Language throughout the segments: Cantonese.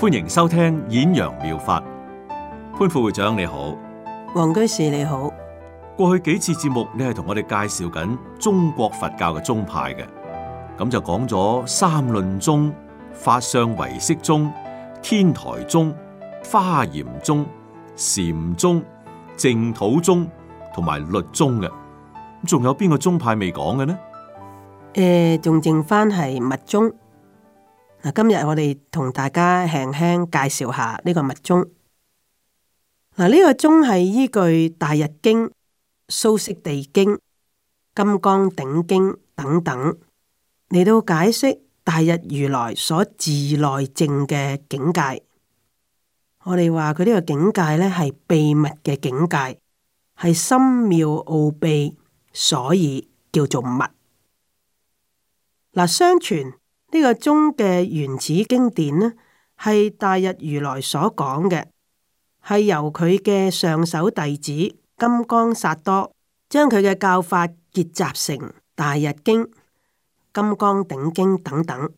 歡迎收聽《演揚妙，妙法》。潘副會長你好，王居士你好。過去幾次節目，你係同我哋介紹緊中國佛教嘅宗派嘅。咁就講咗三論宗、法相唯識宗、天台宗、華嚴宗、禪宗、淨土宗同埋律宗嘅。仲有邊個宗派未講嘅呢？誒、呃，仲剩返係密宗。嗱，今日我哋同大家輕輕介紹下呢個密宗。嗱，呢個宗係依據《大日經》《蘇悉地經》《金剛頂經》等等嚟到解釋大日如來所自內證嘅境界。我哋話佢呢個境界咧係秘密嘅境界，係深妙奧秘，所以叫做密。嗱，相傳。呢個宗嘅原始經典呢，係大日如來所講嘅，係由佢嘅上首弟子金剛薩多將佢嘅教法結集成《大日經》《金剛頂經》等等，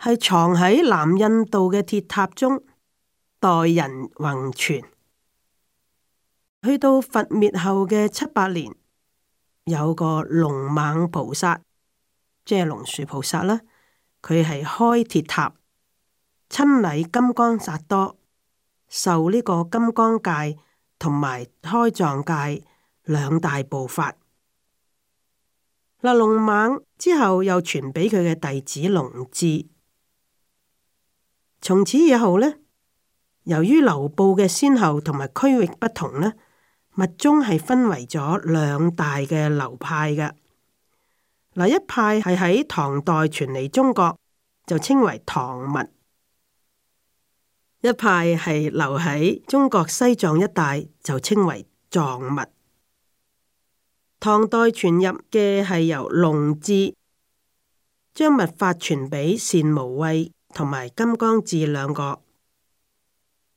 係藏喺南印度嘅鐵塔中待人弘傳。去到佛滅後嘅七八年，有個龍猛菩薩。即係龍樹菩薩啦，佢係開鐵塔、親禮金剛薩多、受呢個金剛界同埋開藏界兩大部法。嗱，龍猛之後又傳俾佢嘅弟子龍智，從此以後呢，由於流布嘅先後同埋區域不同呢，密宗係分為咗兩大嘅流派噶。嗱，一派係喺唐代傳嚟中國，就稱為唐密；一派係留喺中國西藏一帶，就稱為藏密。唐代傳入嘅係由龍智將密法傳俾善無畏同埋金剛智兩個。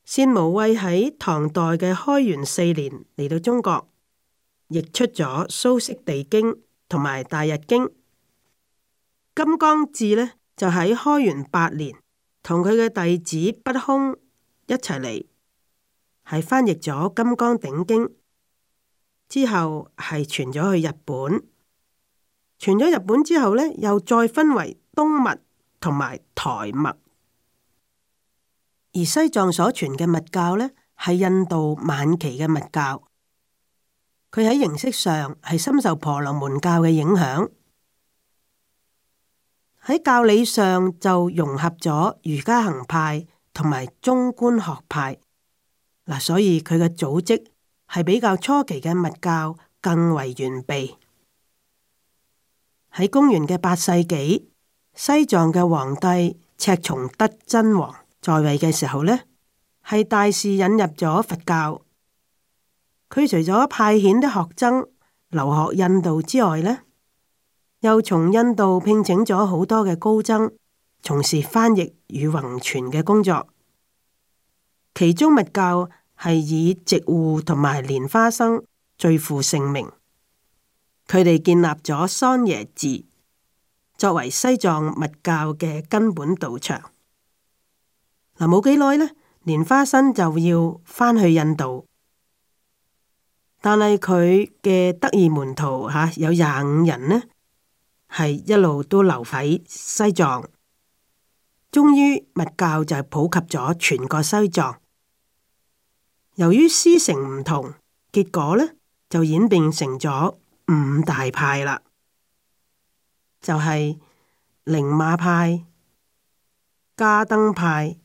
善無畏喺唐代嘅開元四年嚟到中國，譯出咗《蘇悉地經》。同埋《大日經》，金剛智呢，就喺開元八年，同佢嘅弟子不空一齊嚟，係翻譯咗《金剛頂經》，之後係傳咗去日本，傳咗日本之後呢，又再分為東密同埋台密。而西藏所傳嘅密教呢，係印度晚期嘅密教。佢喺形式上係深受婆羅門教嘅影響，喺教理上就融合咗瑜伽行派同埋中觀學派，嗱，所以佢嘅組織係比較初期嘅密教更為完備。喺公元嘅八世紀，西藏嘅皇帝赤松德真王在位嘅時候呢，係大肆引入咗佛教。佢除咗派遣啲學僧留學印度之外呢，呢又從印度聘請咗好多嘅高僧從事翻譯與弘傳嘅工作。其中，密教係以寂護同埋蓮花生最負盛名。佢哋建立咗桑耶寺，作為西藏密教嘅根本道場。嗱，冇幾耐呢，蓮花生就要返去印度。但係佢嘅得意門徒嚇、啊、有廿五人呢，係一路都留喺西藏，終於密教就普及咗全個西藏。由於師承唔同，結果呢，就演變成咗五大派啦，就係、是、寧馬派、加登派、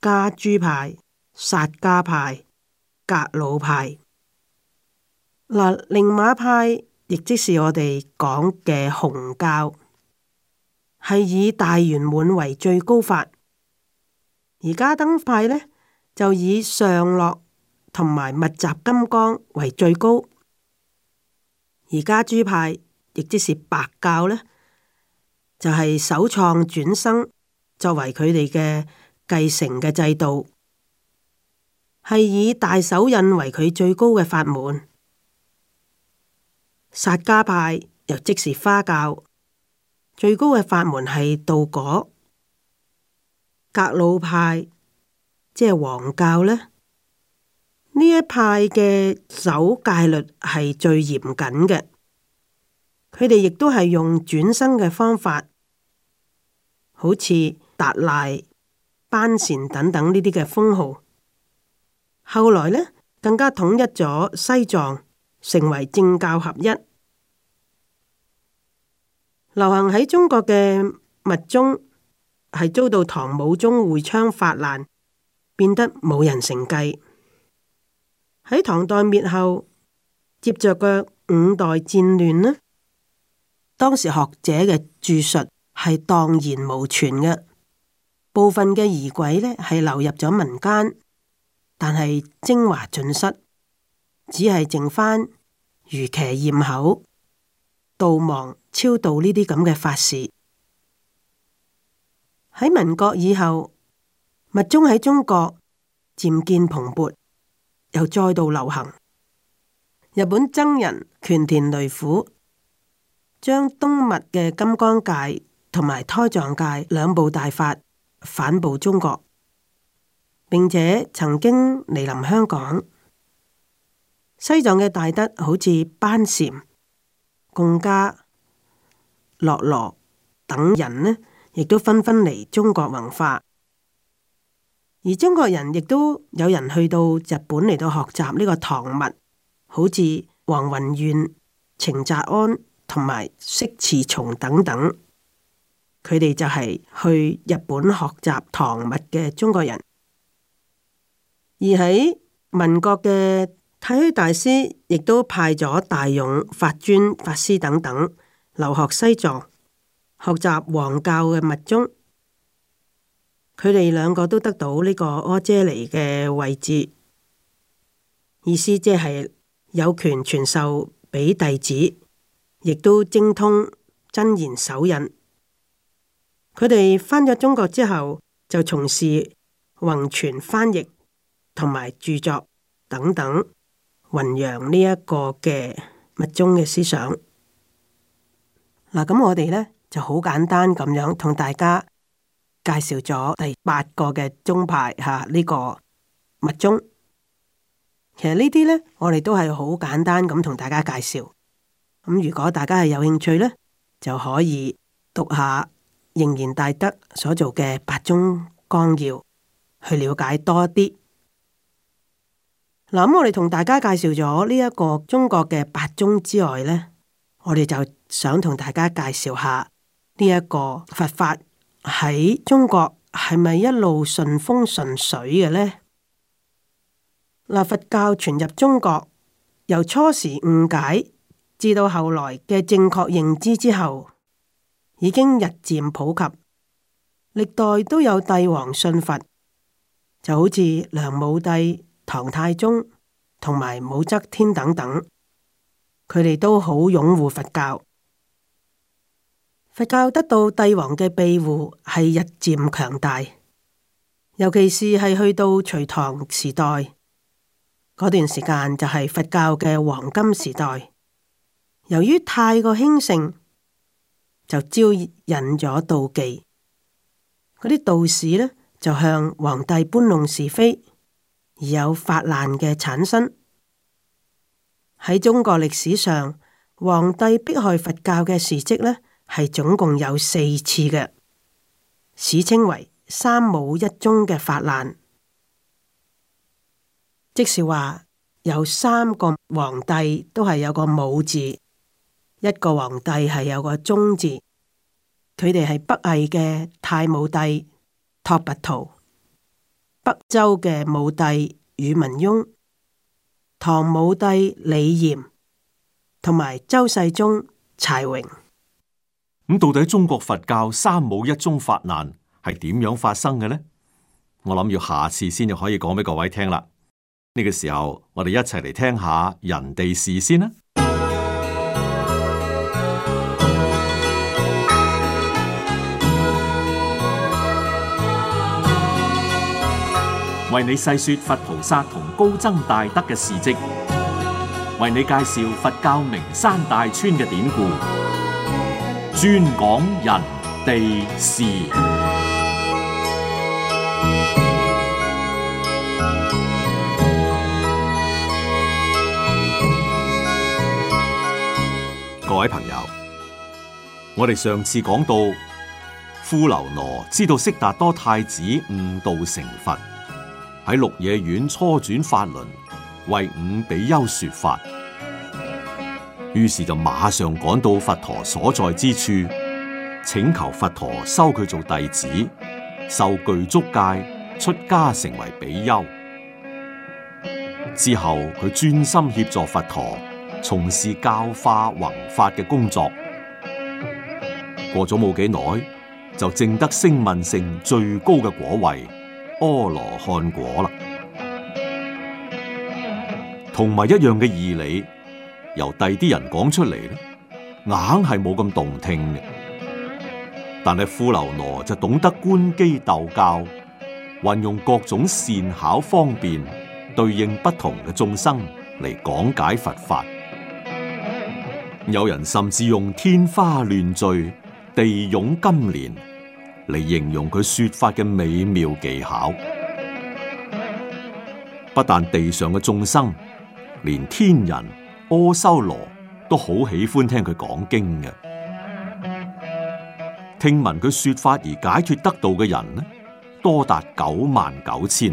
加珠派、薩迦派，派、格魯派。嗱，寧瑪派亦即係我哋講嘅紅教，係以大圓滿為最高法；而噶登派呢，就以上樂同埋密集金剛為最高；而噶舉派亦即是白教呢，就係、是、首創轉生作為佢哋嘅繼承嘅制度，係以大手印為佢最高嘅法門。薩迦派又即是花教，最高嘅法門係道果。格魯派即係黃教呢，呢一派嘅守戒律係最嚴謹嘅，佢哋亦都係用轉生嘅方法，好似達賴、班禪等等呢啲嘅封號。後來呢，更加統一咗西藏。成為政教合一，流行喺中國嘅密宗係遭到唐武宗會昌法難，變得冇人承繼。喺唐代滅後，接着嘅五代戰亂呢，當時學者嘅著述係蕩然無存嘅，部分嘅儀軌呢係流入咗民間，但係精華盡失。只係剩翻瑜伽焰口、度亡、超度呢啲咁嘅法事。喺民國以後，密宗喺中國漸見蓬勃，又再度流行。日本僧人權田雷斧將東密嘅金剛界同埋胎藏界兩部大法反哺中國，並且曾經嚟臨香港。西藏嘅大德好似班禪、貢家、洛羅等人呢，亦都紛紛嚟中國弘法。而中國人亦都有人去到日本嚟到學習呢個唐密，好似黃雲苑、程澤安同埋釋慈松等等，佢哋就係去日本學習唐密嘅中國人。而喺民國嘅。太虛大師亦都派咗大勇、法尊、法師等等留學西藏，學習黃教嘅密宗。佢哋兩個都得到呢個阿闍黎嘅位置，意思即係有權傳授俾弟子，亦都精通真言手印。佢哋返咗中國之後，就從事弘傳、翻譯同埋著作等等。弘揚呢一個嘅密宗嘅思想，嗱，咁我哋呢就好簡單咁樣同大家介紹咗第八個嘅宗派吓，呢個密宗。其實呢啲呢，我哋都係好簡單咁同大家介紹。咁如果大家係有興趣呢，就可以讀下仍然大德所做嘅《八宗綱要》去了解多啲。嗱、嗯，我哋同大家介紹咗呢一個中國嘅八宗之外呢，我哋就想同大家介紹下呢一個佛法喺中國係咪一路順風順水嘅呢？嗱，佛教傳入中國，由初時誤解，至到後來嘅正確認知之後，已經日漸普及，歷代都有帝王信佛，就好似梁武帝。唐太宗同埋武則天等等，佢哋都好擁護佛教，佛教得到帝王嘅庇護，係日漸強大。尤其是係去到隋唐時代嗰段時間，就係佛教嘅黃金時代。由於太過興盛，就招引咗妒忌，嗰啲道士呢，就向皇帝搬弄是非。而有發難嘅產生。喺中國歷史上，皇帝迫害佛教嘅事跡呢，係總共有四次嘅，史稱為三武一宗嘅發難，即是話有三個皇帝都係有個武字，一個皇帝係有個宗字，佢哋係北魏嘅太武帝拓跋燾、北周嘅武帝宇文邕，唐武帝李炎同埋周世宗柴榮，咁、嗯、到底中國佛教三武一宗法難係點樣發生嘅呢？我諗要下次先就可以講俾各位聽啦。呢、這個時候我哋一齊嚟聽下人哋事先啦。為你細說佛菩薩同高僧大德嘅事跡，為你介紹佛教名山大川嘅典故，專講人地事。各位朋友，我哋上次講到富樓那知道悉達多太子悟道成佛。喺鹿野苑初轉法輪，為五比丘說法，於是就馬上趕到佛陀所在之處，請求佛陀收佢做弟子，受具足戒，出家成為比丘。之後佢專心協助佛陀，從事教化弘法嘅工作。過咗冇幾耐，就證得聲聞乘最高嘅果位。阿羅漢果啦，同埋一樣嘅義理，由第啲人講出嚟咧，硬係冇咁動聽嘅。但係富樓那就懂得觀機逗教，運用各種善巧方便，對應不同嘅眾生嚟講解佛法。有人甚至用天花亂墜、地湧金蓮。嚟形容佢說法嘅美妙技巧，不但地上嘅眾生，連天人阿修羅都好喜歡聽佢講經嘅。聽聞佢說法而解脫得到嘅人呢，多達九萬九千。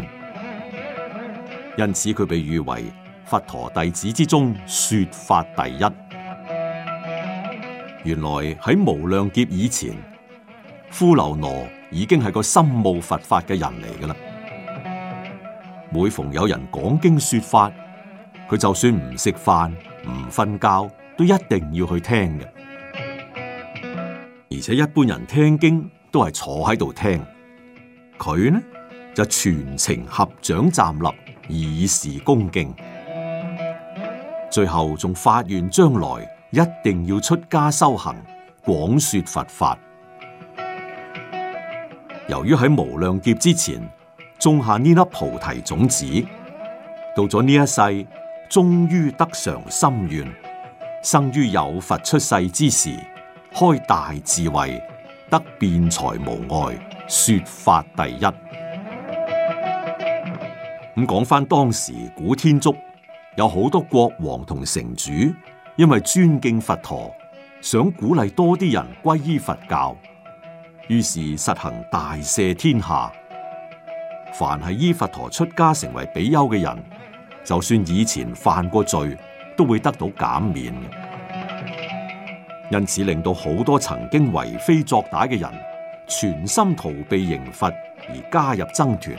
因此佢被譽為佛陀弟子之中說法第一。原來喺無量劫以前，富樓那已經係個心慕佛法嘅人嚟嘅啦。每逢有人講經說法，佢就算唔食飯、唔瞓覺，都一定要去聽嘅。而且一般人聽經都係坐喺度聽，佢呢就全程合掌站立，以示恭敬。最後仲發願將來一定要出家修行，廣說佛法。由於喺無量劫之前種下呢粒菩提種子，到咗呢一世，終於得償心願，生於有佛出世之時，開大智慧，得辯才無礙，說法第一。咁講翻當時古天竺，有好多國王同城主，因為尊敬佛陀，想鼓勵多啲人歸依佛教。於是實行大赦天下，凡係依佛陀出家成為比丘嘅人，就算以前犯過罪，都會得到減免。因此令到好多曾經為非作歹嘅人，全心逃避刑罰而加入僧團。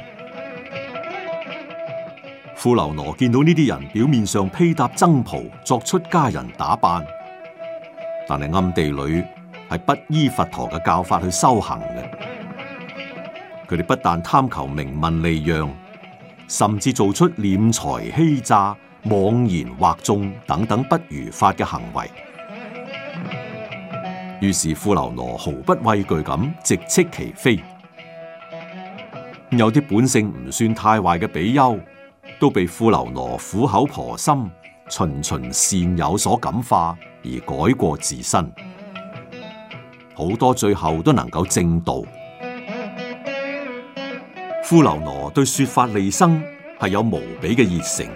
富樓那見到呢啲人表面上披搭僧袍，作出家人打扮，但係暗地裏。係不依佛陀嘅教法去修行嘅，佢哋不但貪求名聞利養，甚至做出斂財欺詐、妄言惑眾等等不如法嘅行為。於是富樓那毫不畏懼咁直斥其非，有啲本性唔算太壞嘅比丘，都被富樓那苦口婆心、循循善誘所感化而改過自身。好多最後都能夠正道。富樓那對說法利生係有無比嘅熱誠，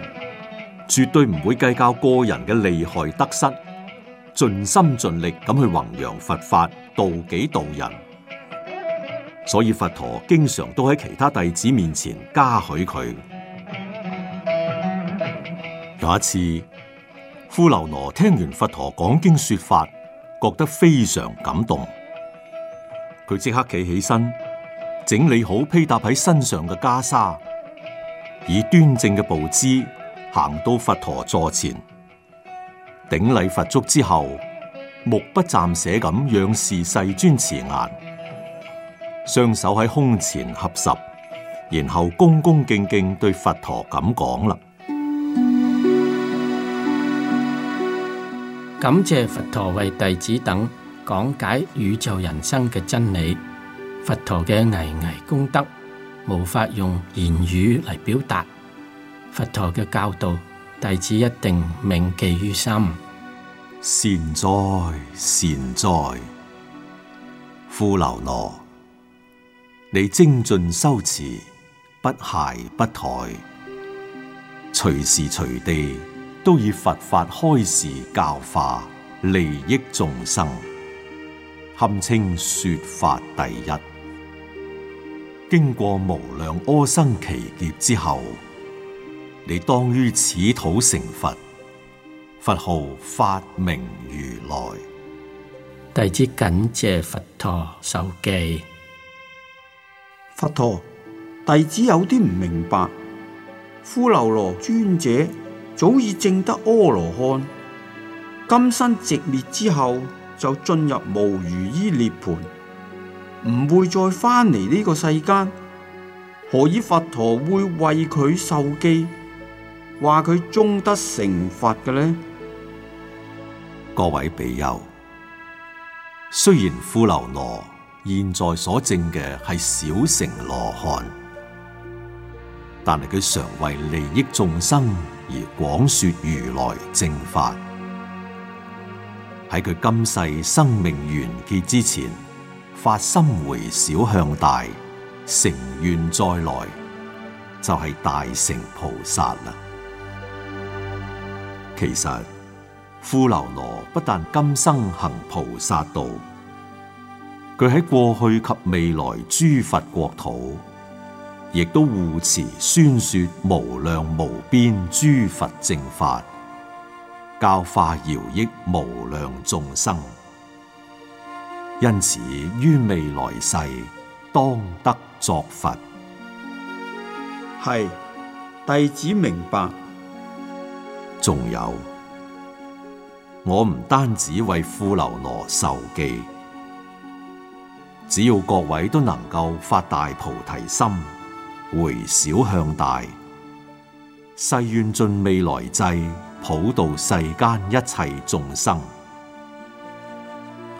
絕對唔會計較個人嘅利害得失，盡心盡力咁去弘揚佛法，度己度人。所以佛陀經常都喺其他弟子面前嘉許佢。有一次，富樓那聽完佛陀講經說法。覺得非常感動，佢即刻企起身，整理好披搭喺身上嘅袈裟，以端正嘅步姿行到佛陀座前，頂禮佛足之後，目不暫捨咁仰視世，世尊慈顏，雙手喺胸前合十，然後恭恭敬敬對佛陀咁講啦。感謝佛陀為弟子等講解宇宙人生嘅真理，佛陀嘅巍巍功德無法用言語嚟表達，佛陀嘅教導弟子一定銘記於心。善哉善哉，富樓那，你精進修持，不懈不怠，隨時隨地。都以佛法開示教化利益眾生，堪稱說法第一。經過無量阿僧祇劫之後，你當於此土成佛，佛號法明如來。弟子謹謝佛陀授記。佛陀，弟子有啲唔明白，富樓那尊者，早已證得阿羅漢，今生寂滅之後就進入無餘依涅盤，唔會再翻嚟呢個世間，何以佛陀會為佢授記，話佢終得成佛嘅呢？各位比丘。雖然富樓那現在所證嘅係小乘羅漢，但係佢常為利益眾生。而廣說如來正法，喺佢今世生命完結之前，發心回小向大，成願再來，就係、是、大乘菩薩啦。其實富樓那不但今生行菩薩道，佢喺過去及未來諸佛國土，亦都護持宣說無量無邊諸佛正法，教化饒益無量眾生。因此於未來世當得作佛。係。弟子明白。仲有，我唔單止為富樓那授記，只要各位都能夠發大菩提心。回小向大，誓願盡未來際，普度世間一切眾生。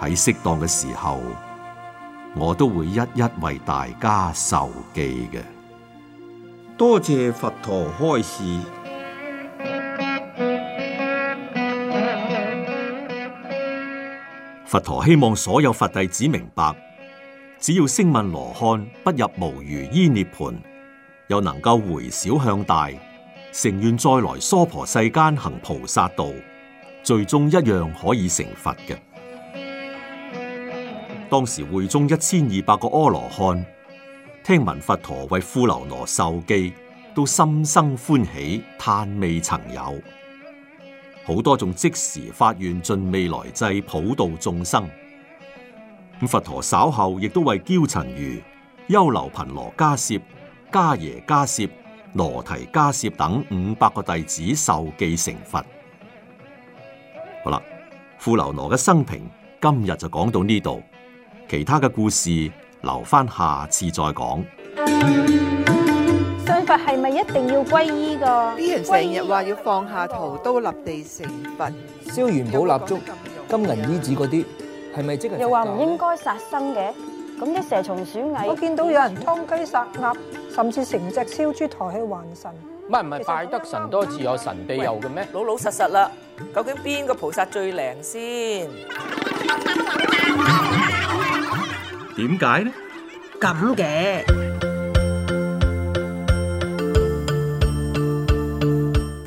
喺適當嘅時候，我都會一一為大家受記嘅。多謝佛陀開示。佛陀希望所有佛弟子明白，只要聲聞羅漢不入無餘依涅盤。又能夠迴小向大，乘願再來娑婆世間行菩薩道，最終一樣可以成佛嘅。當時會中一千二百個阿羅漢聽聞佛陀為富樓那授記，都心生歡喜，嘆未曾有。好多仲即時發願盡未來際普度眾生。咁佛陀稍後亦都為憍陳如、優樓頻螺迦葉、迦耶迦涉、羅提迦涉等五百個弟子授記成佛。好啦，富樓那嘅生平今日就講到呢度，其他嘅故事留翻下，下次再講。信佛係咪一定要皈依噶？啲人成日話要放下屠刀立地成佛，燒元寶蠟燭、金銀衣紙嗰啲，係咪即係？又話唔應該殺生嘅？咁啲蛇蟲鼠蟻，我見到有人劏雞殺鴨，甚至成隻燒豬抬起還神。唔係唔係，拜得神多自有神庇佑嘅咩？老老實實啦，究竟邊個菩薩最靈先？點解呢？咁嘅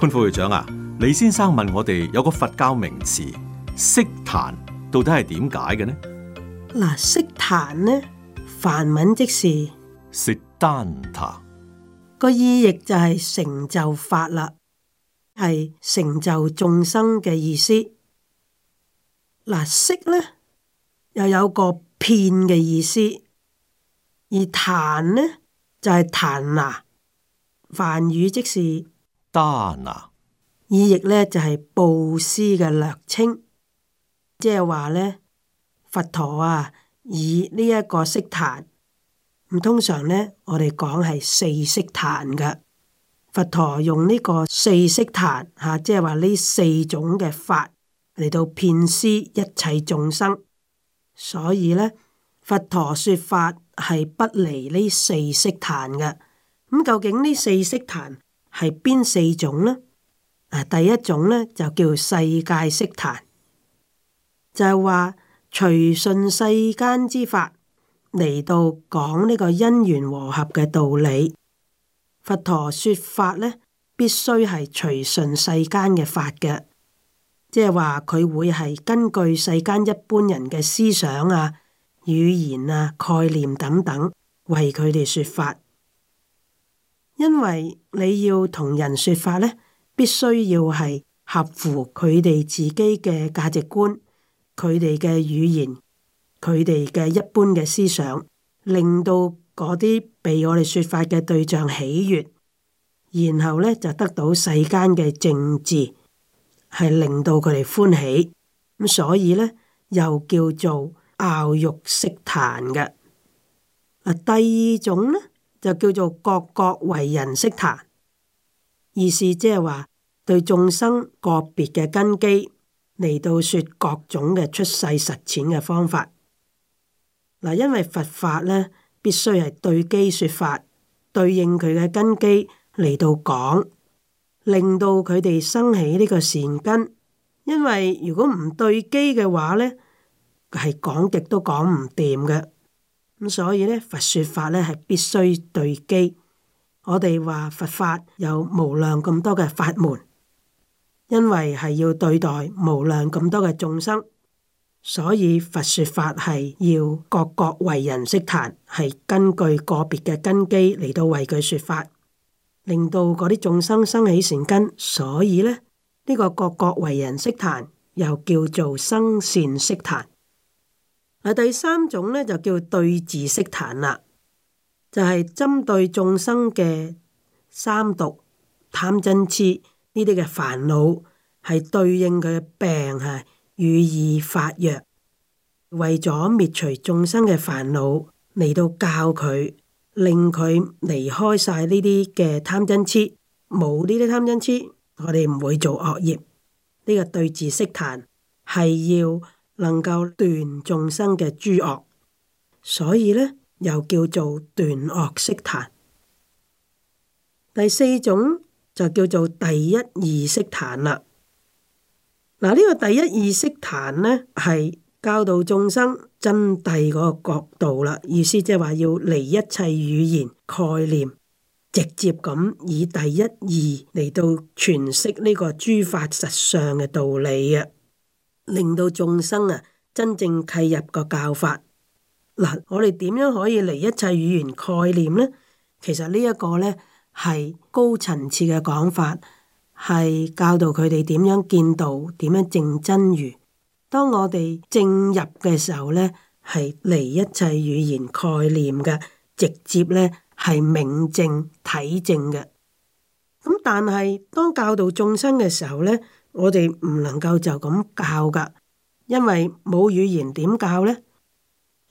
潘副會長啊，李先生問我哋有個佛教名詞悉壇，到底係點解嘅呢？嗱，悉壇呢，梵文即是悉檀多，Siddhanta，個意譯就係成就法啦，係成就眾生嘅意思。嗱，悉呢，又有個遍嘅意思，而壇呢，就係檀那，梵語即是檀那，Dana，意譯呢，就係布施嘅略稱，即係話呢。佛陀啊，以呢一個悉壇，咁通常呢，我哋講係四悉壇噶。佛陀用呢個四悉壇嚇、啊，即係話呢四種嘅法嚟到遍施一切眾生，所以呢，佛陀説法係不離呢四悉壇嘅。咁、嗯、究竟呢四悉壇係邊四種呢？啊，第一種呢，就叫世界悉壇，就係、是、話，隨順世間之法嚟到講呢個因緣和合嘅道理，佛陀說法咧必須係隨順世間嘅法嘅，即係話佢會係根據世間一般人嘅思想啊、語言啊、概念等等為佢哋說法。因為你要同人說法咧，必須要係合乎佢哋自己嘅價值觀。佢哋嘅語言，佢哋嘅一般嘅思想，令到嗰啲被我哋説法嘅對象喜悦，然後呢就得到世間嘅政治，係令到佢哋歡喜。咁所以呢，又叫做樂欲悉壇嘅。第二種呢，就叫做各各為人悉壇，意思即係話對眾生個別嘅根基。嚟到說各種嘅出世實踐嘅方法，嗱，因為佛法呢必須係對機說法，對應佢嘅根基嚟到講，令到佢哋生起呢個善根。因為如果唔對機嘅話呢，係講極都講唔掂嘅。咁所以呢，佛說法呢係必須對機。我哋話佛法有無量咁多嘅法門。因為係要對待無量咁多嘅眾生，所以佛説法係要各各為人悉壇，係根據個別嘅根基嚟到為佢説法，令到嗰啲眾生生起善根。所以呢，呢、這個各各為人悉壇又叫做生善悉壇。嗱，第三種呢，就叫對治悉壇啦，就係、是、針對眾生嘅三毒、貪、嗔、痴。呢啲嘅煩惱係對應佢嘅病係，予以發藥，為咗滅除眾生嘅煩惱，嚟到教佢，令佢離開晒呢啲嘅貪嗔痴，冇呢啲貪嗔痴，我哋唔會做惡業。呢、這個對治悉壇係要能夠斷眾生嘅諸惡，所以呢，又叫做斷惡悉壇。第四種。就叫做第一義悉檀啦。嗱，呢個第一義悉檀呢，係教導眾生真諦個角度啦。意思即係話要離一切語言概念，直接咁以第一義嚟到詮釋呢個諸法實相嘅道理啊，令到眾生啊真正契入個教法。嗱，我哋點樣可以離一切語言概念呢？其實呢一個呢？係高層次嘅講法，係教導佢哋點樣見道，點樣證真如。當我哋證入嘅時候呢，係離一切語言概念嘅，直接呢係明證、體證嘅。咁但係當教導眾生嘅時候呢，我哋唔能夠就咁教㗎，因為冇語言點教呢？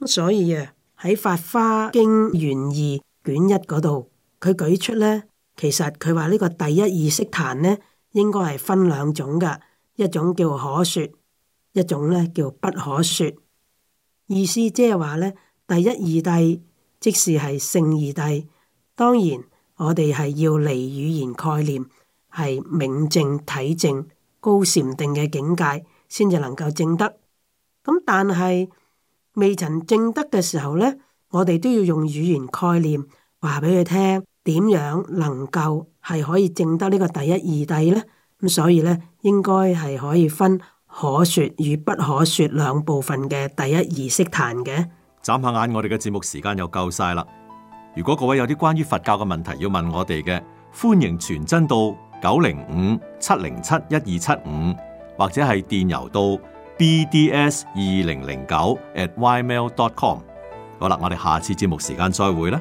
所以啊，喺《法華經》原二卷一嗰度。佢舉出呢，其實佢話呢個第一義悉檀呢應該係分兩種噶，一種叫可説，一種呢叫不可説。意思即係話呢，第一義諦即使是係勝義諦。當然，我哋係要離語言概念，係明正體正高禪定嘅境界，先至能夠證得。咁但係未曾證得嘅時候呢，我哋都要用語言概念。話俾佢聽，點樣能夠係可以證得呢個第一義諦呢？咁所以呢，應該係可以分可說與不可說兩部分嘅第一義悉檀嘅。眨下眼，我哋嘅節目時間又夠晒啦！如果各位有啲關於佛教嘅問題要問我哋嘅，歡迎傳真到九零五七零七一二七五，或者係電郵到 bds 二零零九 at ymail.com。好啦，我哋下次節目時間再會啦。